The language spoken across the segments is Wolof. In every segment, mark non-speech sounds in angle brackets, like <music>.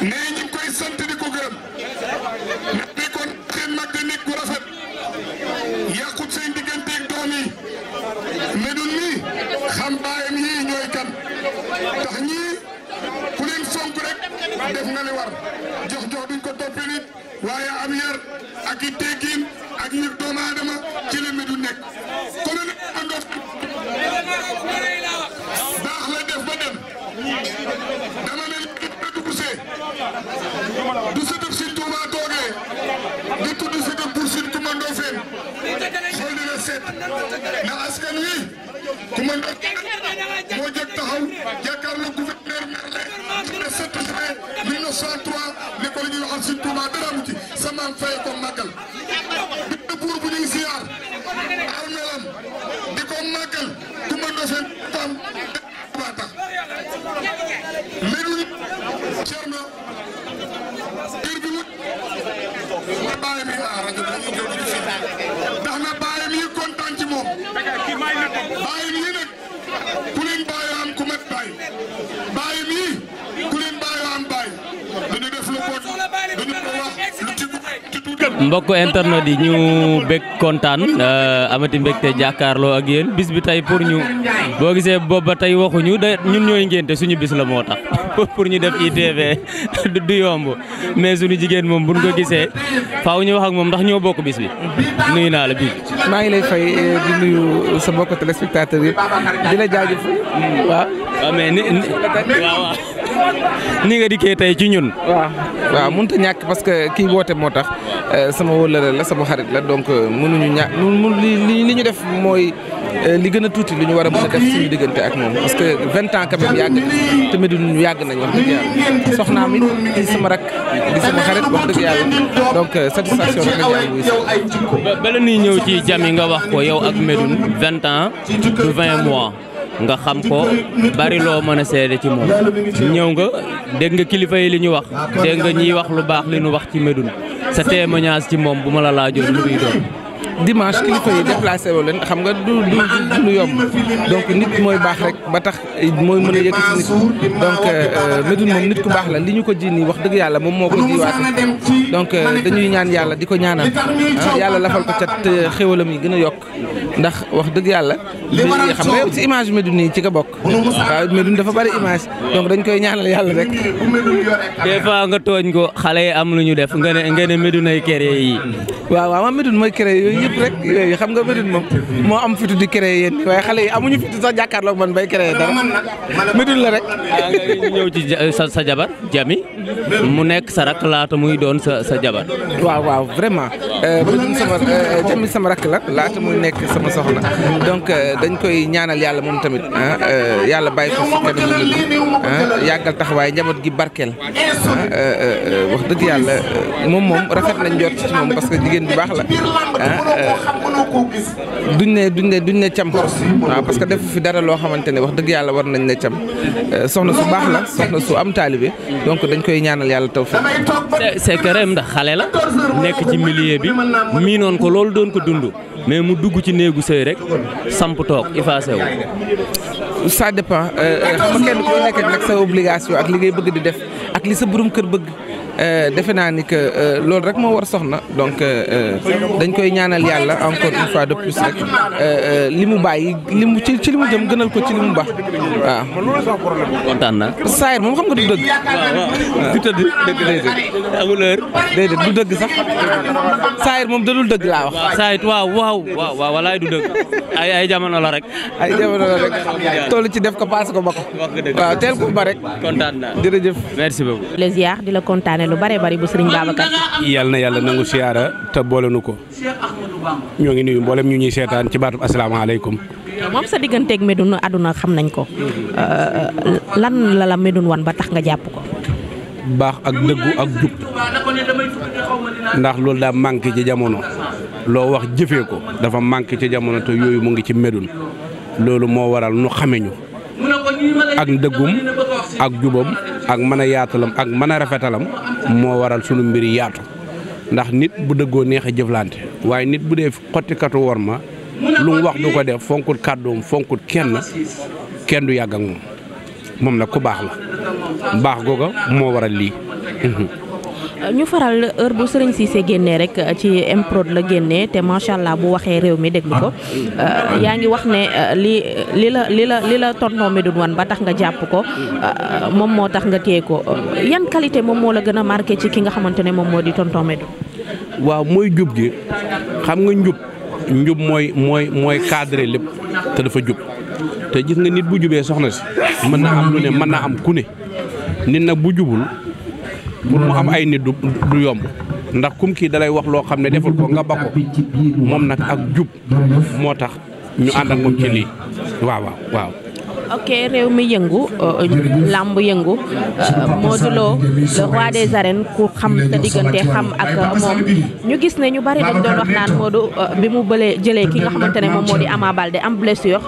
nee ñu koy sant di ko gërëm ndax di ko xëy nag di nit bu rafet yàqut seen digganteeg doom yi mais du nii xam baayam ñooy kan tax ñii ku leen fonk rek def nga li war na askan wi ku mën a moo jóg taxaw jàkkaarloo gouverneur Merlin le 7 juin ne ko li ñuy waxal suñ Touba dara mu ci sama am fay ko màggal. bi buur bu ñuy di ko màggal ku mën a mbokk internet yi ñu bég kontaan euh, amati mbégte jàkkaarloo ak yéen bis bi tey pour ñu boo gisee boobu ba tey waxuñu da ñun ñooy ngénte suñu bis la moo tax <laughs> pour ñu def ITV <laughs> du yomb mais suñu jigéen moom buñ ko gisee faaw ñu wax ak moom ndax ñoo bokk bis bi naa bi maa ngi lay fay euh, di nuyu sa mbokk téléspectateur yi di la jaajëfal hmm. ah, waaw waaw mais <laughs> ni waaw nga dikkee tey ci ñun waaw waaw mënut a ñàkk parce que kii woote moo tax Euh, sama wëllëre la sama xarit la donc euh, mënuñu ña li li ñu def mooy euh, li gën a tuuti li ñu war a mën a def suñu diggante ak moom parce que vingt ans quand même yàgg na te Médine yàgg nañ wax dëgg yàlla soxnaam it di sama rak di sama xarit wax dëgg yàlla donc satisfaction rek la ñu am bala nuy ñëw ci Diamy nga wax ko yow ak Médine vingt ans du vingt mois. nga xam ko bari loo mën a seede ci moom ñëw nga dégg nga kilifa yi li ñu wax dégg nga ñiy wax lu baax li nu wax ci Médoune sa témoignage ci moom bu ma la laajoon doon. dimanche kilifa yi déplacé wu leen xam nga du du du yomb donc nit mooy baax rek ba tax mooy mën a yëkkati nit donc euh, euh, Médoune moom nit ku baax la li ñu ko ji nii wax dëgg yàlla moom moo ko jiwaate donc euh, dañuy ñaan yàlla di ko ñaanal ah, yàlla lafal ko cat xéwalam yi gën a yokk ndax wax dëgg yàlla xam nga image Médoune yi ci ka bokk waaw Médoune dafa bari image donc dañ koy ñaanal yàlla rek des fois nga tooñ ko xale yi am lu ñu def nga ne nga ne Médoune kere yi waaw waaw Médoune mooy kere yooyu lépp rek xam nga Médoune moom moo am fitu di créer yéen waaye xale yi amuñu fitu sax jàkkaarloog man bay créer dara Médoune la rek. Ah, ñëw ci sa sa jabar Jami. mu nekk sa rakk laata muy doon sa sa jabar. waaw waaw vraiment. Badou euh, sama euh, jami sama rakk la laata muy nekk sama soxna donc euh, dañ koy ñaanal yàlla moom tamit ah, yàlla bàyyi ko si kanam ah, yàggal taxawaay njaboot gi barkeel ah, wax dëgg yàlla moom moom rafet nañ jot ci moom parce que jigéen bu baax la. duñ ne duñ ne duñ ne cam waaw parce que def fi dara loo xamante ne wax dëgg yàlla war nañ ne cam euh, soxna su baax la soxna su am taalibe donc dañ koy ñaanal yàlla taw fi c'est que ndax xale la nekk ci milieu bi miinoon ko loolu doon ko dund mais mu dugg ci néegu sëy rek samp toog effacé wu ça dépend euh, euh, xam nga kenn ku sa obligation ak li ngay bëgg di def ak li sa borom kër bëgg Euh, defe naa ni que euh, loolu rek moo war soxna donc euh, dañ koy ñaanal yàlla encore une fois de plus rek li mu bàyyi li mu ci ci li mu jëm gënal ko ci li baax waaw. kontaan naa. Sayer moom xam nga du dëgg. du tëdd sax Sayer moom dadul dëgg laa wax. Sayer waaw waaw waaw walaay jamono la rek. ay ci def ko paas ko ba ko. waaw di la kontaane lu bare bari bu sëriñ Babacar Si yal na yàlla nangu siyaara te boole nu ko ñoo ngi nuyu mboolem ñu ñuy seetaan ci baatub asalaamaaleykum moom sa digganteeg Médoune àdduna xam nañ ko euh, lan la la Médoune wan ba tax nga jàpp ko baax ak dëggu ak jub ndax loolu daa manqué ci jamono loo wax jëfee ko dafa manqué ci jamono te yooyu mu ngi ci Médoune loolu moo waral nu xameñu ak dëggum ak jubam ak mën a yaatalam ak mën a rafetalam moo waral sunu mbir yaatu ndax nit bu dëggoo neex a jëflante waaye nit bu dee xottikatu wor ma lu mu wax du ko de fonkut kàddoom fonkut kenn kenn du yàgg moom moom nag ku baax la baax googa moo waral lii. <laughs> ñu faral heure bu Serigne Cissé génnee rek ci improd la génnee te macha allah bu waxee réew mi déglu ko ah. yaa ngi wax ne euh, li li la li la li la tonton mi doon wan ba tax nga jàpp ko euh, moom moo tax nga téye ko yan qualité moom moo la gën a marqué ci ki nga xamante ne moom moo di waaw mooy jub gi xam nga njub njub mooy mooy mooy cadré lépp te dafa jub te gis nga nit bu jubee soxna si mën na am lu ne mën naa am ku ne nit nag bu jubul. pour mu am ay nit du du yomb ndax kum kii dalay wax loo xam ne deful ko nga ba ko moom nag ak jub moo tax ñu ànd ak moom ci lii waaw waaw ok réew mi yëngu euh, làmb yëngu euh, Modou Lo le roi des arènes ku xam sa diggante xam ak moom ñu gis ne ñu bari dañ doon wax naan Modou euh, bi mu bëlee jëlee ki nga xamante ne moom moo di Ama Baldé am blessure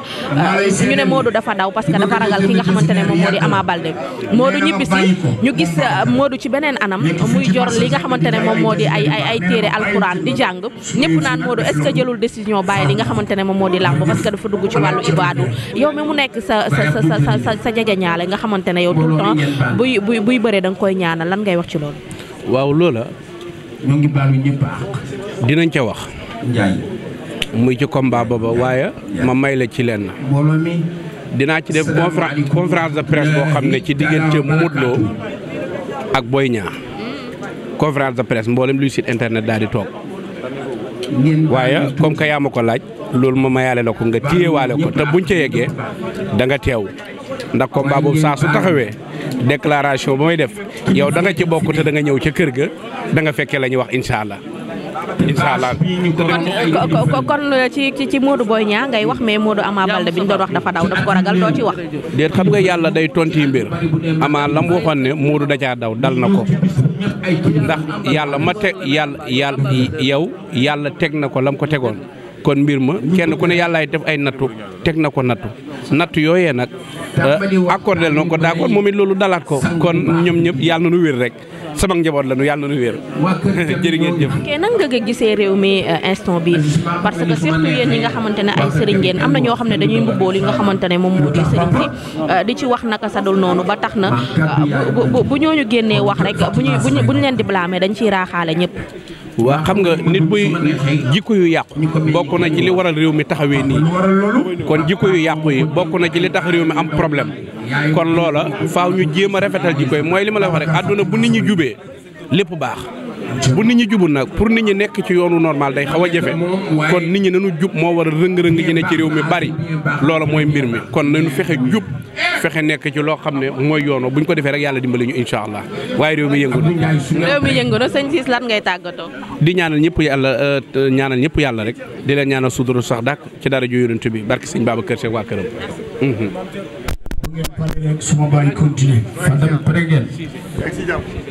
ñu dafa daw parce que dafa ragal ki nga xamante moo di Ama Baldé Modou ñibbisi ñu gis moo Modou ci beneen anam muy jor li nga xamante ne moom moo di ay ay ay téere alxuraan di jàng ñëpp naan Modou est-ce jëlul décision bàyyi li nga xamante ne moom moo di làmb parce que dafa dugg ci wàllu ibaadu yow mi mu nekk sa sa sa sa sa sa jege ñaale nga xamante ne yow tout le buy buy buy bëree da nga koy ñaana lan ngay wax ci loolu. waaw loola. ñu ngi dinañ ca wax. muy ci combat booba waaye ma may la ci leen mbooloo mi. dinaa ci def conférence de presse boo xam ne ci diggante Modou Lo ak Boy Niang conférence de presse mboolem luy site internet daal di toog waaye comme que ko laaj loolu ma mayaale la ko nga téyewaale ko te buñ ca yeggee da nga teew ndax combat boobu saa su taxawee déclaration ba may def yow da nga ci bokk te da nga ñëw ca kër ga danga nga fekkee la ñuy wax incha allah. incha allah kon kon ci ci Modou Boy Niang ngay wax mais Modou amaa Baldé bi ñu doon wax dafa daw daf ko ragal doo ci wax. déet xam nga yàlla day tonti mbir Ama la mu waxoon ne Modou da daw dal na ko. ndax yàlla ma teg yàlla yàlla yow yàlla teg na ko lam ko tegoon kon mbir ma kenn ku ne yàllaay def ay nattu teg na ko nattu nattu yooyee nag euh, accordé na ko d'accord moom it loolu dalaat ko kon ñoom ñëpp yàlla na nu wér rek sama njaboot la nu yàlla nu wér <laughs> jërë ngeen jëf. ok nan nga gisee réew mi euh, instant bi parce que surtout yéen ñi nga xamante ne ay sëriñ ngeen am na ñoo xam ne dañuy mbubboo li nga xamante ne moom moo di sëriñ si euh, di ci wax naka sadul noonu ba tax na euh, bu ñoo ñu génnee wax rek bu ñu bu ñu leen di blâmer dañu ciy raaxaale ñëpp. waa xam nga nit buy jikko yu yàqu bokk na ci li waral réew mi taxawee nii kon jikko yu yàqu yi bokk na ci li tax réew mi am problème kon loola faaw ñu jéem a rafetal jikko yi mooy li ma la wax rek àdduna bu nit ñi jubee lépp baax bu nit ñi jubul nag pour nit ñi nekk ci yoonu normal day xaw a jafe kon nit ñi nañu jub moo war a rëng-rëng ñi ne ci réew mi bari loola mooy mbir mi kon nañu fexe jub fexe nekk ci loo xam ne mooy yoonu buñ ko defee rek yàlla dimbali ñu incha allah waaye réew mi yëngu na. réew mi yëngu na sëñ Ciss lan ngay tàggatoo. di ñaanal ñëpp yàlla euh, rek di leen ñaanal suudara sax dàkk ci dara ju yonent bi barki sëñ Babacar Seck waa këram. bu ngeen paree